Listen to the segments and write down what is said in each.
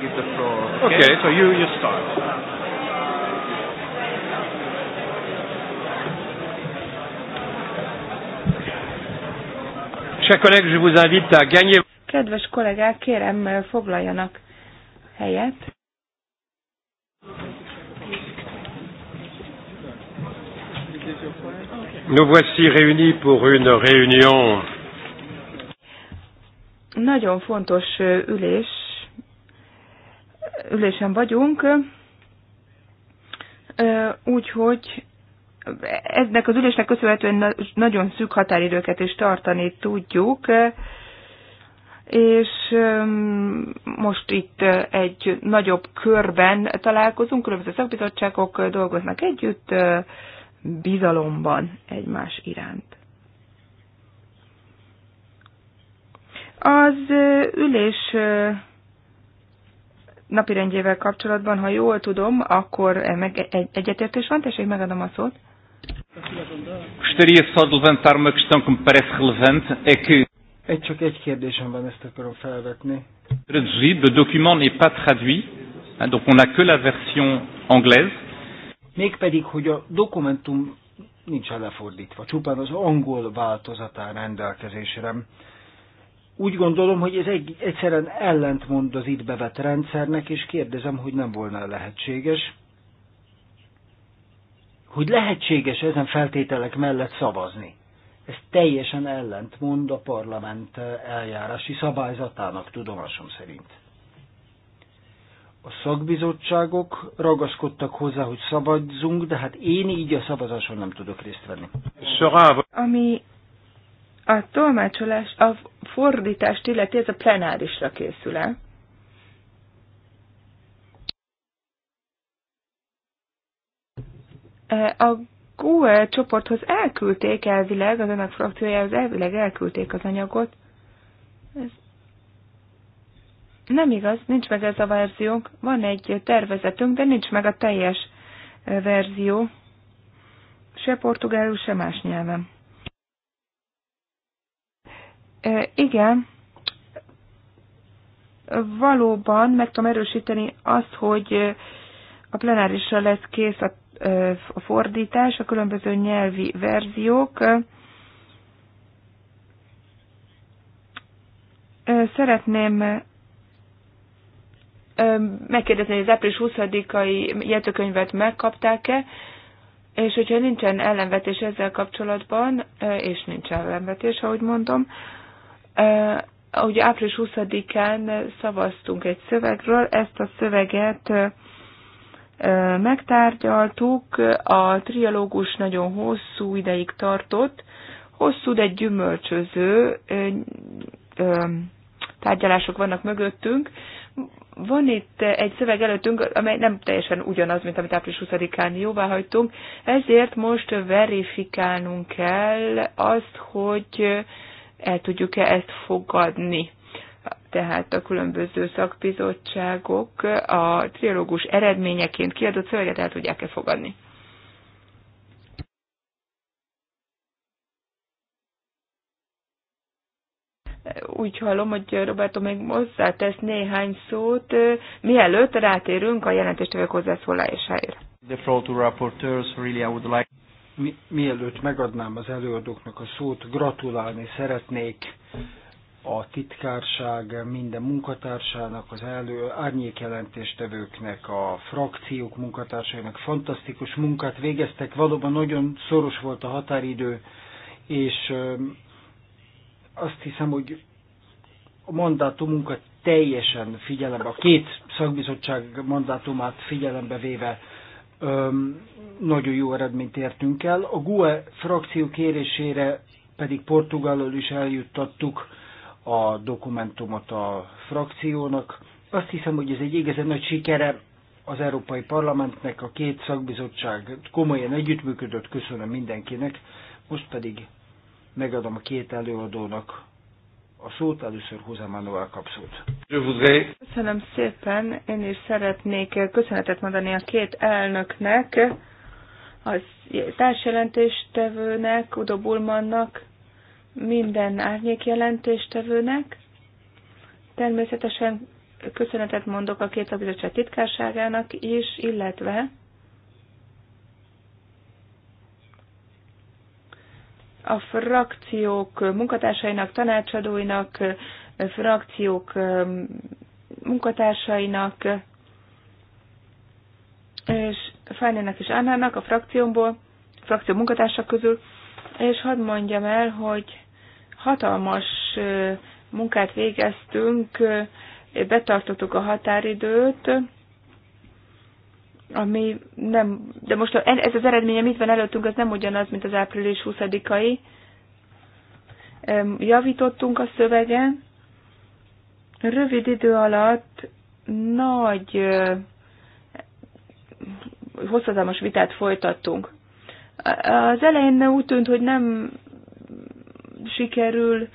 give the floor. Okay, okay so you, you start. Kedves kollégák, kérem eh, foglaljanak helyet. Nous voici réunis pour une réunion. Nagyon fontos eh, ülés ülésen vagyunk, úgyhogy eznek az ülésnek köszönhetően nagyon szűk határidőket is tartani tudjuk, és most itt egy nagyobb körben találkozunk, különböző szakbizottságok dolgoznak együtt bizalomban egymás iránt. Az ülés napirendjével kapcsolatban, ha jól tudom, akkor meg egy, egyetértés van, tessék, megadom a szót. Gostaria só de levantar uma questão que me parece relevante, é que... Egy csak egy kérdésem van, ezt akarom felvetni. Traduzido, le document n'est pas traduit, donc on n'a que la version anglaise. Mégpedig, hogy a dokumentum nincs lefordítva, csupán az angol változatán rendelkezésre úgy gondolom, hogy ez egy, egyszerűen ellentmond az itt bevett rendszernek, és kérdezem, hogy nem volna lehetséges, hogy lehetséges ezen feltételek mellett szavazni. Ez teljesen ellentmond a parlament eh, eljárási szabályzatának, tudomásom szerint. A szakbizottságok ragaszkodtak hozzá, hogy szabadzunk, de hát én így a szavazáson nem tudok részt venni. Ami a tolmácsolás, a fordítást illeti, ez a plenárisra készül el. E, a GUE csoporthoz elküldték elvileg, az önök frakciójához elvileg elküldték az anyagot. Ez nem igaz, nincs meg ez a verziónk. Van egy tervezetünk, de nincs meg a teljes e, verzió. Se portugálul, se más nyelven. Igen, valóban meg tudom erősíteni azt, hogy a plenárisra lesz kész a, a fordítás, a különböző nyelvi verziók. Szeretném megkérdezni, hogy az április 20-ai jegyzőkönyvet megkapták-e, és hogyha nincsen ellenvetés ezzel kapcsolatban, és nincs ellenvetés, ahogy mondom, ugye április 20-án szavaztunk egy szövegről, ezt a szöveget megtárgyaltuk, a trialógus nagyon hosszú ideig tartott, hosszú, de gyümölcsöző tárgyalások vannak mögöttünk. Van itt egy szöveg előttünk, amely nem teljesen ugyanaz, mint amit április 20-án jóvá hagytunk, ezért most verifikálnunk kell azt, hogy el tudjuk-e ezt fogadni. Tehát a különböző szakbizottságok a triológus eredményeként kiadott szöveget el tudják-e fogadni. úgy hallom, hogy Roberto még hozzátesz néhány szót, mielőtt rátérünk a jelentéstevők hozzászólásáért. The floor to rapporteurs, really I would like mi, mielőtt megadnám az előadóknak a szót, gratulálni szeretnék a titkárság minden munkatársának, az elő árnyékjelentéstevőknek, a frakciók munkatársainak fantasztikus munkát végeztek. Valóban nagyon szoros volt a határidő, és azt hiszem, hogy a mandátumunkat teljesen figyelembe, a két szakbizottság mandátumát figyelembe véve nagyon jó eredményt értünk el. A GUE frakció kérésére pedig Portugálról is eljuttattuk a dokumentumot a frakciónak. Azt hiszem, hogy ez egy igazán nagy sikere az Európai Parlamentnek, a két szakbizottság komolyan együttműködött, köszönöm mindenkinek. Most pedig megadom a két előadónak a szót először hozzá Manuel kapszót. Köszönöm szépen, én is szeretnék köszönetet mondani a két elnöknek, a társjelentéstevőnek, Udo Bulmannak, minden árnyék jelentéstevőnek. Természetesen köszönetet mondok a két bizottság titkárságának is, illetve a frakciók munkatársainak, tanácsadóinak, frakciók um, munkatársainak, és Fájnának és Annának a frakciómból, a frakció munkatársak közül, és hadd mondjam el, hogy hatalmas munkát végeztünk, betartottuk a határidőt, ami nem, de most ez az eredménye mit van előttünk, az nem ugyanaz, mint az április 20-ai. Javítottunk a szövegen, rövid idő alatt nagy hosszadalmas vitát folytattunk. Az elején úgy tűnt, hogy nem sikerül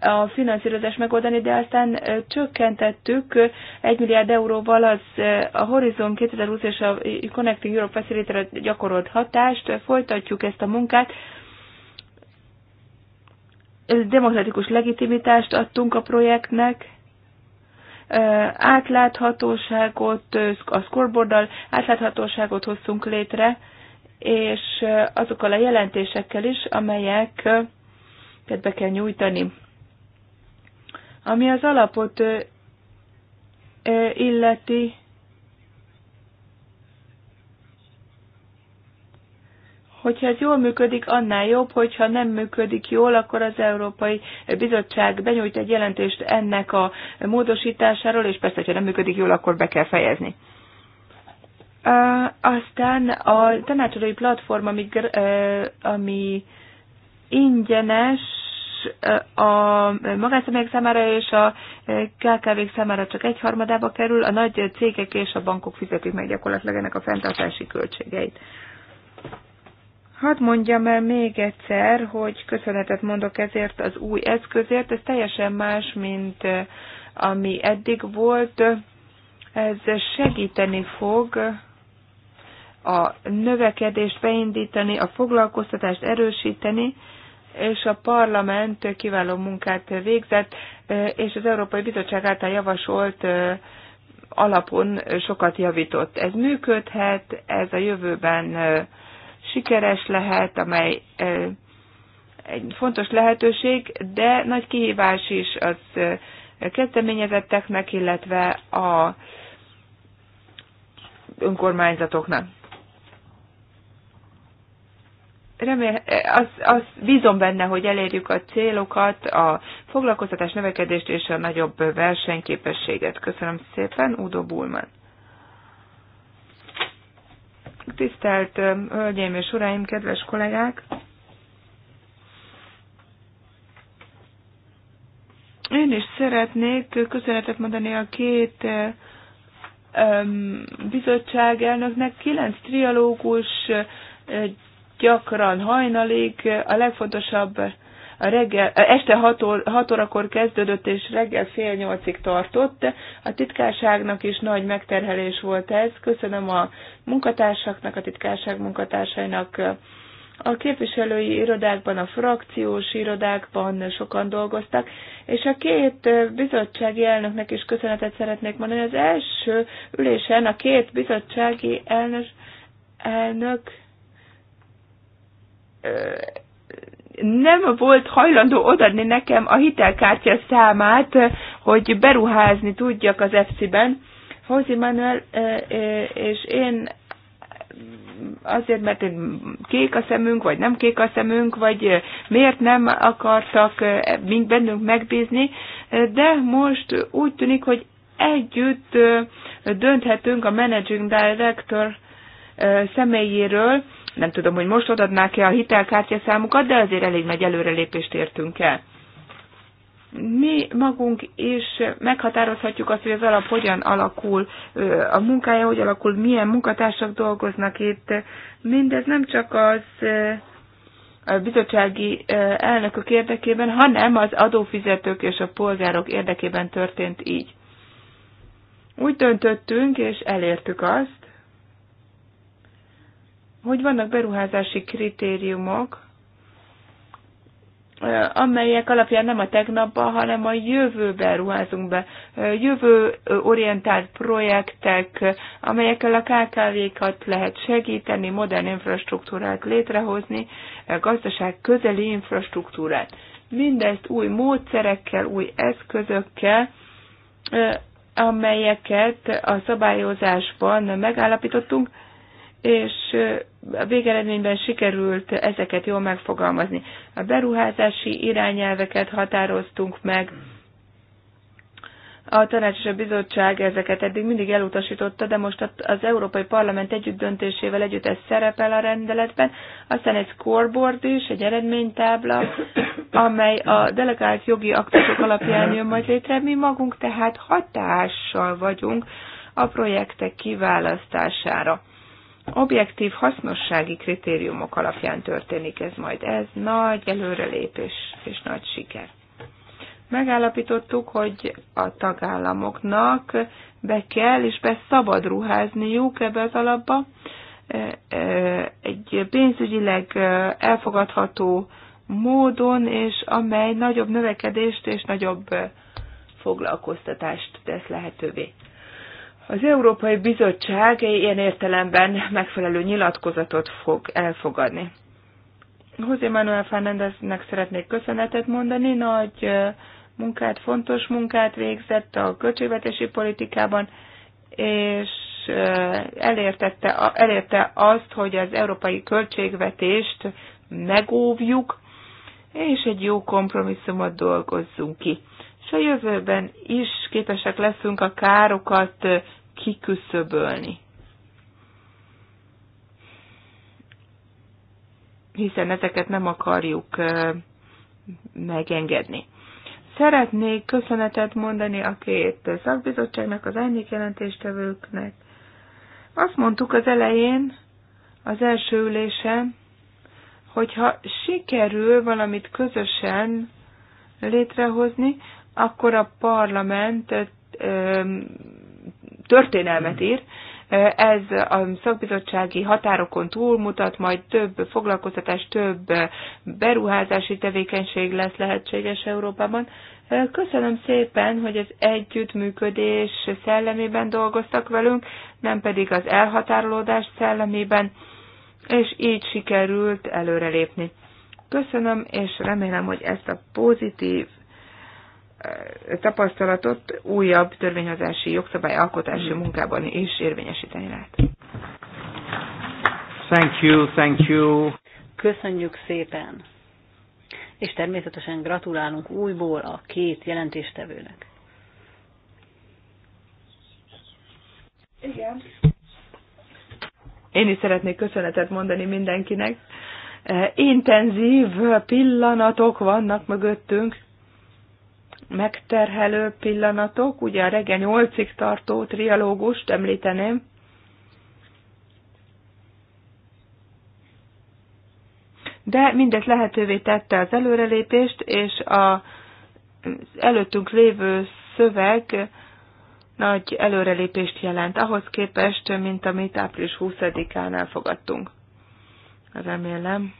a finanszírozás megoldani, de aztán csökkentettük 1 milliárd euróval az a Horizon 2020 és a Connecting Europe facility gyakorolt hatást, folytatjuk ezt a munkát, demokratikus legitimitást adtunk a projektnek, átláthatóságot, a scoreboarddal átláthatóságot hoztunk létre, és azokkal a jelentésekkel is, amelyek tehát be kell nyújtani. Ami az alapot illeti, hogyha ez jól működik, annál jobb, hogyha nem működik jól, akkor az Európai Bizottság benyújt egy jelentést ennek a módosításáról, és persze, hogyha nem működik jól, akkor be kell fejezni. Aztán a tanácsadói platform, ami, ami ingyenes, a magánszemélyek számára és a kkv számára csak egyharmadába kerül, a nagy cégek és a bankok fizetik meg gyakorlatilag ennek a fenntartási költségeit. Hadd mondjam el még egyszer, hogy köszönetet mondok ezért az új eszközért, ez teljesen más, mint eh, ami eddig volt. Ez segíteni fog a növekedést beindítani, a foglalkoztatást erősíteni, és a parlament kiváló munkát végzett, és az Európai Bizottság által javasolt alapon sokat javított. Ez működhet, ez a jövőben sikeres lehet, amely egy fontos lehetőség, de nagy kihívás is az kezdeményezetteknek, illetve a önkormányzatoknak remél, az, az bízom benne, hogy elérjük a célokat, a foglalkoztatás növekedést és a nagyobb versenyképességet. Köszönöm szépen, Udo Bulman. Tisztelt Hölgyeim és Uraim, kedves kollégák! Én is szeretnék köszönetet mondani a két bizottság elnöknek. Kilenc trialógus gyakran hajnalig, a legfontosabb a reggel, este 6, ó, 6 órakor kezdődött, és reggel fél nyolcig tartott. A titkárságnak is nagy megterhelés volt ez. Köszönöm a munkatársaknak, a titkárság munkatársainak. A képviselői irodákban, a frakciós irodákban sokan dolgoztak, és a két bizottsági elnöknek is köszönetet szeretnék mondani. Az első ülésen a két bizottsági elnök, elnök nem volt hajlandó odadni nekem a hitelkártya számát, hogy beruházni tudjak az FC-ben. Hozi Manuel és én azért, mert kék a szemünk, vagy nem kék a szemünk, vagy miért nem akartak mind bennünk megbízni, de most úgy tűnik, hogy együtt dönthetünk a Managing Director személyéről, nem tudom, hogy most odadnák-e a hitelkártyaszámukat, de azért elég nagy előrelépést értünk el. Mi magunk is meghatározhatjuk azt, hogy az alap hogyan alakul, a munkája hogy alakul, milyen munkatársak dolgoznak itt. Mindez nem csak az a bizottsági elnökök érdekében, hanem az adófizetők és a polgárok érdekében történt így. Úgy döntöttünk, és elértük azt, hogy vannak beruházási kritériumok, amelyek alapján nem a tegnapba, hanem a jövőben ruházunk be. Jövő orientált projektek, amelyekkel a KKV-kat lehet segíteni, modern infrastruktúrát létrehozni, gazdaság közeli infrastruktúrát. Mindezt új módszerekkel, új eszközökkel, amelyeket a szabályozásban megállapítottunk, és a végeredményben sikerült ezeket jól megfogalmazni. A beruházási irányelveket határoztunk meg, a tanács és a bizottság ezeket eddig mindig elutasította, de most az Európai Parlament együtt döntésével együtt ez szerepel a rendeletben. Aztán egy scoreboard is, egy eredménytábla, amely a delegált jogi aktusok alapján jön majd létre. Mi magunk tehát hatással vagyunk a projektek kiválasztására objektív hasznossági kritériumok alapján történik ez majd. Ez nagy előrelépés és nagy siker. Megállapítottuk, hogy a tagállamoknak be kell és be szabad ruházniuk ebbe az alapba. E, e, egy pénzügyileg e, elfogadható módon, és amely nagyobb növekedést és nagyobb foglalkoztatást tesz lehetővé. Az Európai Bizottság ilyen értelemben megfelelő nyilatkozatot fog elfogadni. José Manuel Fernándeznek szeretnék köszönetet mondani, nagy munkát, fontos munkát végzett a költségvetési politikában, és elértette, elérte azt, hogy az európai költségvetést megóvjuk, és egy jó kompromisszumot dolgozzunk ki. És a jövőben is képesek leszünk a károkat kiküszöbölni. Hiszen ezeket nem akarjuk megengedni. Szeretnék köszönetet mondani a két szakbizottságnak, az jelentéstevőknek. Azt mondtuk az elején, az első ülésen, hogyha sikerül valamit közösen létrehozni, akkor a parlament történelmet ír, ez a szakbizottsági határokon túlmutat, majd több foglalkoztatás, több beruházási tevékenység lesz lehetséges Európában. Köszönöm szépen, hogy az együttműködés szellemében dolgoztak velünk, nem pedig az elhatárolódás szellemében, és így sikerült előrelépni. Köszönöm, és remélem, hogy ezt a pozitív tapasztalatot újabb törvényhozási jogszabályalkotási munkában is érvényesíteni lehet. Thank you, thank you. Köszönjük szépen. És természetesen gratulálunk újból a két jelentéstevőnek. Igen. Én is szeretnék köszönetet mondani mindenkinek. Eh, intenzív pillanatok vannak mögöttünk, megterhelő pillanatok, ugye a reggel nyolcig tartó trialógust említeném, de mindez lehetővé tette az előrelépést, és a, az előttünk lévő szöveg nagy előrelépést jelent ahhoz képest, mint amit április 20-án elfogadtunk. Remélem,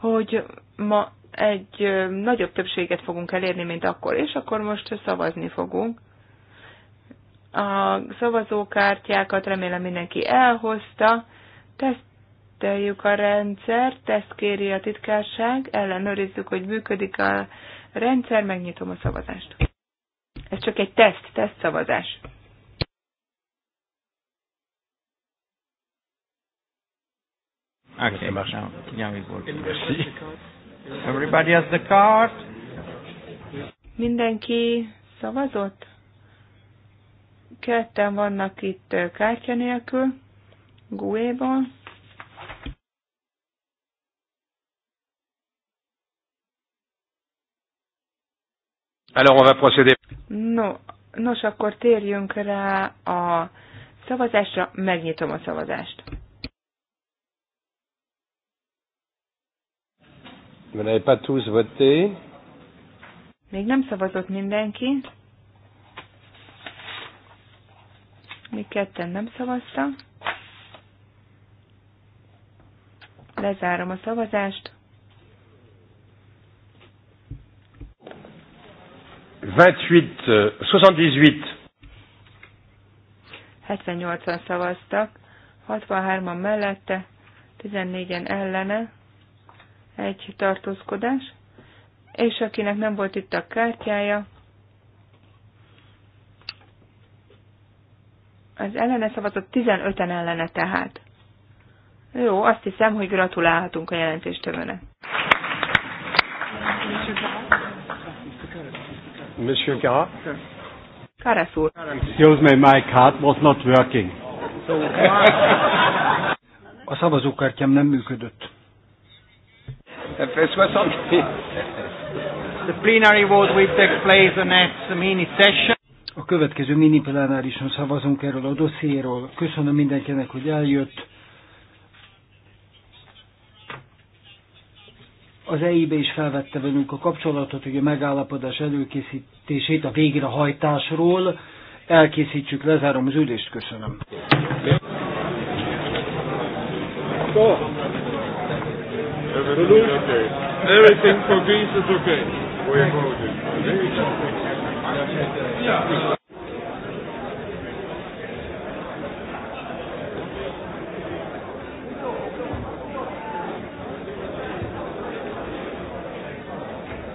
hogy ma egy nagyobb többséget fogunk elérni, mint akkor, és akkor most szavazni fogunk. A szavazókártyákat remélem mindenki elhozta, teszteljük a rendszer, teszt kéri a titkárság, ellenőrizzük, hogy működik a rendszer, megnyitom a szavazást. Ez csak egy teszt, teszt szavazás. Okay, now, now it Everybody has the card. Mindenki szavazott? Ketten vannak itt kártya nélkül, Guéban. Alors on va procéder. No, nos, akkor térjünk rá a szavazásra, megnyitom a szavazást. Vous n'avez pas tous voté. Még nem szavazott mindenki. Mi ketten nem szavaztak. Lezárom a szavazást. 28, 78. 78-an szavaztak, 63-an mellette, 14-en ellene, egy tartózkodás, és akinek nem volt itt a kártyája, az ellene szavazott 15-en ellene tehát. Jó, azt hiszem, hogy gratulálhatunk a jelentéstevőnek. Monsieur Gara? Karasz úr. Excuse me, my card was not working. A szavazókártyám nem működött. Ça fait 60 The plenary vote will take place the next mini session. A következő mini plenárison szavazunk erről a dossziéről. Köszönöm mindenkinek, hogy eljött. Az EIB is felvette velünk a kapcsolatot, hogy a megállapodás előkészítését a végrehajtásról elkészítsük, lezárom az ülést, köszönöm. Köszönöm. Everything okay. Everything for Greece is okay. We're voting. Yeah.